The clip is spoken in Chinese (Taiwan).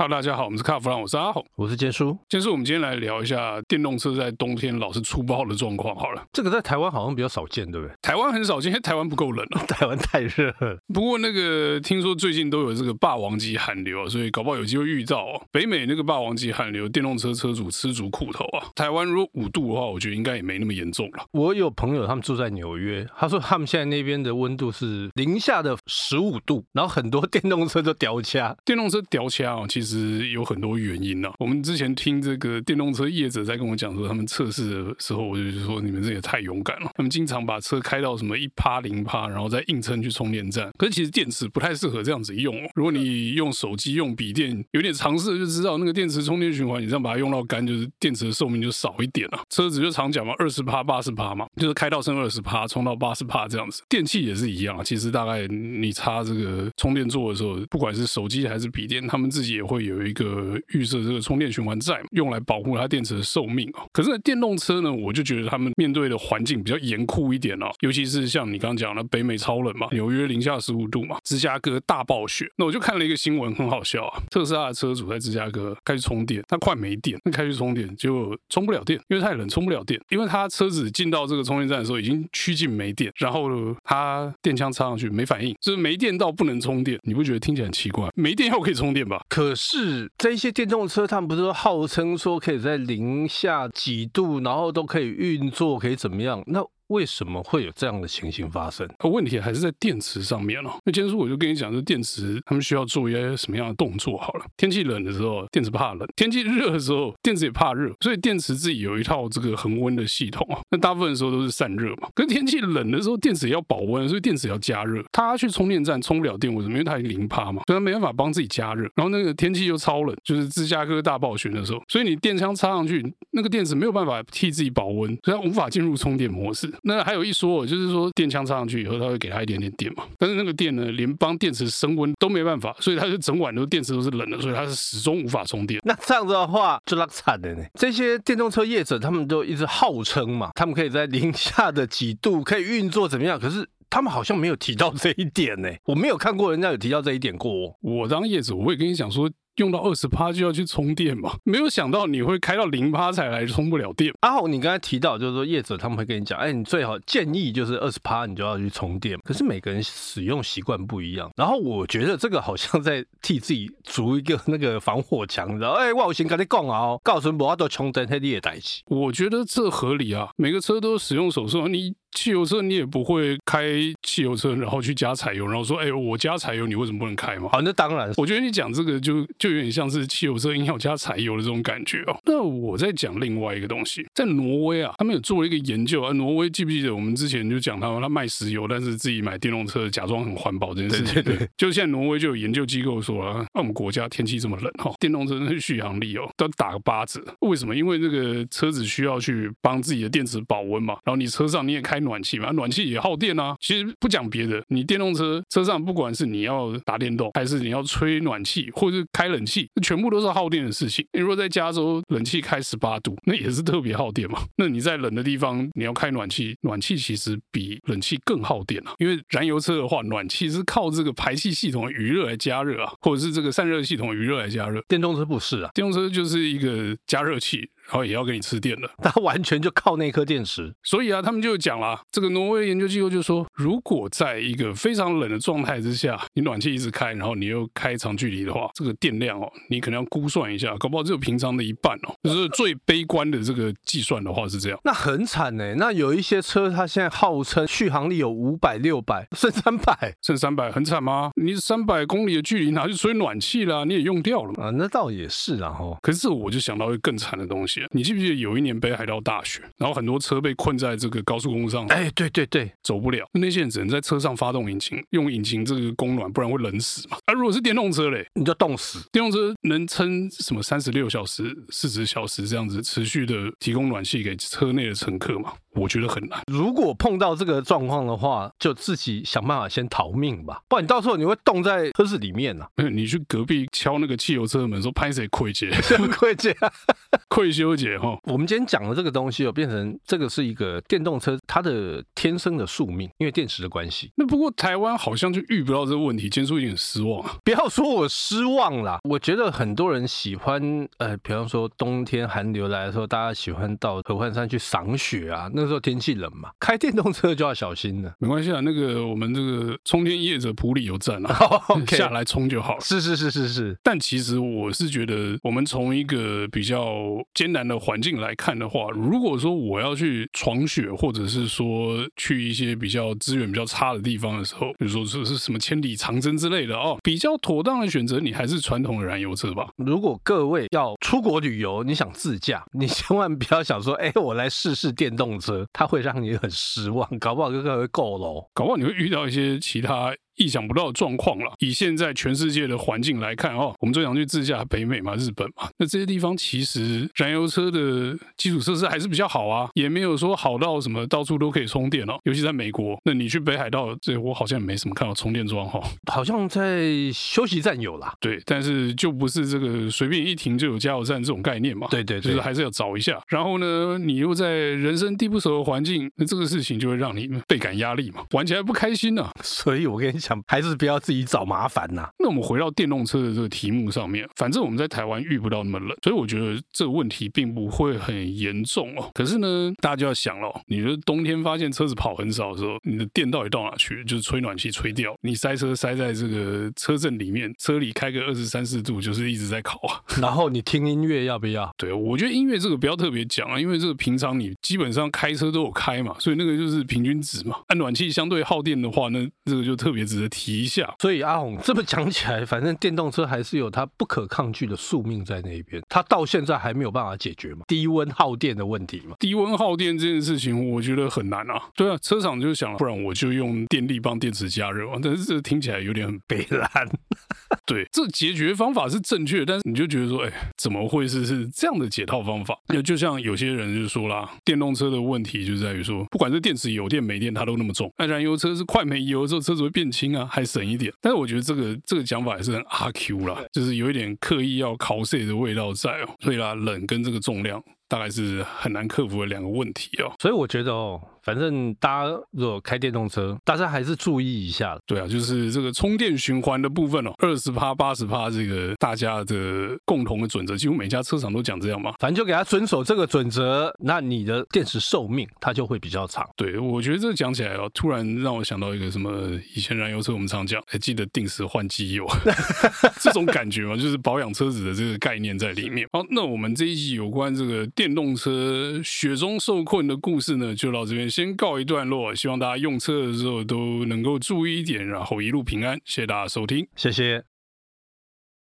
哈囉，大家好，我們是卡弗朗，我是阿紅，我是杰叔。杰叔，我們今天來聊一下電動車在冬天老是出不好的狀況。好了，這個在台灣好像比較少見，對不對？台灣很少見，因為台灣不夠冷哦，台灣、啊、太熱。不過那個聽說最近都有這個霸王級寒流、啊，所以搞不好有機會遇到、哦、北美那個霸王級寒流，電動車車主吃足苦頭啊。台灣如果五度的話，我覺得應該也沒那麼嚴重了。我有朋友他們住在紐約，他說他們現在那邊的溫度是零下的十五度，然後很多電動車都掉漆啊。電動車掉漆啊，其實。其實有很多原因了、啊。我們之前聽這個電動車業者在跟我講說，他們測試的時候，我就說你們這也太勇敢了。他們經常把車開到什麼一趴零趴，然後再硬撐去充電站。可是其實電池不太適合這樣子用、哦。如果你用手機、用筆電，有點常識就知道，那個電池充電循環，你這樣把它用到乾，就是電池的壽命就少一點了、啊。車子就常講嘛，二十趴八十趴嘛，就是開到剩二十趴，充到八十趴這樣子。電器也是一樣、啊，其實大概你插這個充電座的時候，不管是手機還是筆電，他們自己也會有一個預設這個充電循環，在用來保護它電池的壽命啊、哦。可是電動車呢，我就覺得他們面對的環境比較嚴酷一點啊、哦。尤其是像你剛剛講的北美超冷嘛，紐約零下十五度嘛，芝加哥大暴雪。那我就看了一個新聞，很好笑啊，特斯拉的車主在芝加哥開始充電，他快沒電，那開去充電，結果充不了電，因為太冷充不了電。因為他車子進到這個充電站的時候已經趨近沒電，然後他電槍插上去沒反應，就是沒電到不能充電。你不覺得聽起來很奇怪？沒電要可以充電吧？可是這些電動車，他們不是號稱說可以在零下幾度，然後都可以運作，可以怎麼樣？那。為什麼會有這樣的情形發生？問題還是在電池上面哦。那今天說我就跟你講，這電池他們需要做一些什麼樣的動作好了。天氣冷的時候，電池怕冷；天氣熱的時候，電池也怕熱。所以電池自己有一套這個恆溫的系統啊。那大部分的時候都是散熱嘛。可是天氣冷的時候，電池要保溫，所以電池要加熱。它去充電站充不了電，為什麼？因為它零趴嘛，所以它沒辦法幫自己加熱。然後那個天氣又超冷，就是芝加哥大暴雪的時候，所以你電槍插上去，那個電池沒有辦法替自己保溫，所以它無法進入充電模式。那還有一說，就是說電槍插上去以後，它會給他一點點電嘛。但是那個電呢，連幫電池升溫都沒辦法，所以它就整晚都電池都是冷的，所以它是始終無法充電。那這樣子的話就拉慘了呢。這些電動車業者他們都一直號稱嘛，他們可以在零下的幾度可以運作怎麼樣，可是他們好像沒有提到這一點呢。我沒有看過人家有提到這一點過哦。我當業者，我也跟你講說。用到二十趴就要去充電嘛？沒有想到你會開到零趴才來充不了電。阿、啊、豪，你剛才提到就是說業者他們會跟你講，哎，你最好建議就是二十趴你就要去充電。可是每個人使用習慣不一樣。然後我覺得這個好像在替自己築一個那個防火牆的。哎，我先跟你講啊、哦，告訴你我要充電你也帶起我覺得這合理啊。每個車都使用手冊，你汽油車你也不會開汽油車，然後去加柴油，然後說，哎，我加柴油你為什麼不能開嘛？好，那當然。我覺得你講這個就就。有點像是汽油車硬要加柴油的這種感覺哦。那我在講另外一個東西，在挪威啊，他們有做一個研究啊。挪威記不記得我們之前就講他們，他賣石油，但是自己買電動車，假裝很環保這件事？對對對。就現在挪威就有研究機構說啊， 啊，我們國家天氣這麼冷哈，電動車的續航力哦，都打個八折。為什麼？因為那個車子需要去幫自己的電池保溫嘛，然後你車上你也開暖氣嘛，暖氣也耗電啊。其實不講別的，你電動車車上不管是你要打電動，還是你要吹暖氣，或是開冷。冷氣全部都是耗電的事情。你如果在加州冷氣開十八度，那也是特別耗電嘛。那你在冷的地方，你要開暖氣，暖氣其實比冷氣更耗電啊。因為燃油車的話，暖氣是靠這個排氣系統的餘熱來加熱啊，或者是這個散熱系統的餘熱來加熱。電動車不是啊，電動車就是一個加熱器。然後也要給你吃電的，他完全就靠那顆電池。所以啊，他們就講了，這個挪威研究機構就說，如果在一個非常冷的狀態之下，你暖氣一直開，然後你又開長距離的話，這個電量哦，你可能要估算一下，搞不好只有平常的一半哦。就是最悲觀的這個計算的話是這樣，那很慘哎。那有一些車它現在號稱續航力有五百、六百，剩三百，剩三百很慘嗎？你三百公里的距離拿去吹暖氣啦，你也用掉了嘛啊？那倒也是然後、哦、可是我就想到一個更慘的東西。你記不記得有一年北海道大雪，然後很多車被困在這個高速公路上，哎，對對對，走不了，那些人只能在車上發動引擎，用引擎這個供暖，不然會冷死嘛。那、啊、如果是電動車嘞，你就凍死。電動車能撐什麼三十六小時、四十小時這樣子持續的提供暖氣給車內的乘客嗎？我覺得很難。如果碰到這個狀況的話，就自己想辦法先逃命吧，不然你到時候你會凍在車子裡面啊、嗯。你去隔壁敲那個汽油車的門，說拍誰虧姐？虧 姐，虧修姐哈。我們今天講的這個東西哦，變成這個是一個電動車它的天生的宿命，因為電池的關係。那不過台灣好像就遇不到這個問題，堅叔已經很失望。不要說我失望啦，我覺得很多人喜歡，呃，比方說冬天寒流來的時候，大家喜歡到合歡山去賞雪啊。那時候天氣冷嘛，開電動車就要小心了。沒關係啊，那個我們這個充電業者普里油站啊，oh, okay. 下來充就好了。是是是是是。但其實我是覺得，我們從一個比較艱難的環境來看的話，如果說我要去闖雪，或者是說去一些比較資源比較差的地方的時候，比如說這是什麼千里長征之類的哦，比較妥當的選擇，你還是傳統的燃油車吧。如果各位要出國旅遊，你想自駕，你千萬不要想說，哎、欸，我來試試電動車。他會讓你很失望，搞不好哥哥會夠了、哦，搞不好你會遇到一些其他，意想不到的狀況了。以現在全世界的環境來看，哦，我們最想去自駕北美嘛、日本嘛。那這些地方其實燃油車的基礎設施還是比較好啊，也沒有說好到什麼到處都可以充電哦，尤其在美國，那你去北海道，這我好像也沒什麼看到充電樁哈、哦，好像在休息站有啦。對，但是就不是這個隨便一停就有加油站這種概念嘛。對對，對，就是還是要找一下。然後呢，你又在人生地不熟的環境，那這個事情就會讓你倍感壓力嘛，玩起來不開心吶、啊。所以我跟你講。還是不要自己找麻煩吶、啊。那我們回到電動車的這個題目上面，反正我們在台灣遇不到那麼冷，所以我覺得這個問題並不會很嚴重哦。可是呢，大家就要想了、哦，你覺得冬天發現車子跑很少的時候，你的電到底到哪去？就是吹暖氣吹掉？你塞車塞在這個車陣裡面，車裡開個二十三四度，就是一直在烤啊。然後你聽音樂要不要？對我覺得音樂這個不要特別講啊，因為這個平常你基本上開車都有開嘛，所以那個就是平均值嘛。那暖，暖氣相對耗電的話，那這個就特別。提一下，所以阿宏這麼講起來，反正電動車還是有它不可抗拒的宿命在那邊，它到現在還沒有辦法解決嘛？低溫耗電的問題嘛？低溫耗電這件事情，我覺得很難啊。對啊，車廠就想了，不然我就用電力幫電池加熱啊，但是這聽起來有點很北爛 對，這解決方法是正確，但是你就覺得說，哎，怎麼會是是這樣的解套方法？那 就像有些人就說啦，電動車的問題就在於說，不管是電池有電沒電，它都那麼重。那、啊、燃油車是快沒油的時候，車子會變輕。啊，還省一點，但是我覺得這個這個講法還是很阿 Q 啦，就是有一點刻意要 cost 的味道在哦、喔，所以啦，冷跟這個重量，大概是很難克服的兩個問題哦、喔，所以我覺得哦。反正大家如果開電動車，大家還是注意一下。對啊，就是這個充電循環的部分哦，二十趴、八十趴，這個大家的共同的準則，幾乎每家車廠都講這樣嘛。反正就給他遵守這個準則，那你的電池壽命它就會比較長。對，我覺得這個講起來哦，突然讓我想到一個什麼，以前燃油車我們常講，還、哎、記得定時換機油 這種感覺嘛，就是保養車子的這個概念在裡面。好，那我們這一集有關這個電動車雪中受困的故事呢，就到這邊。先告一段落，希望大家用車的時候都能夠注意一點，然後一路平安。謝謝大家收聽，謝謝。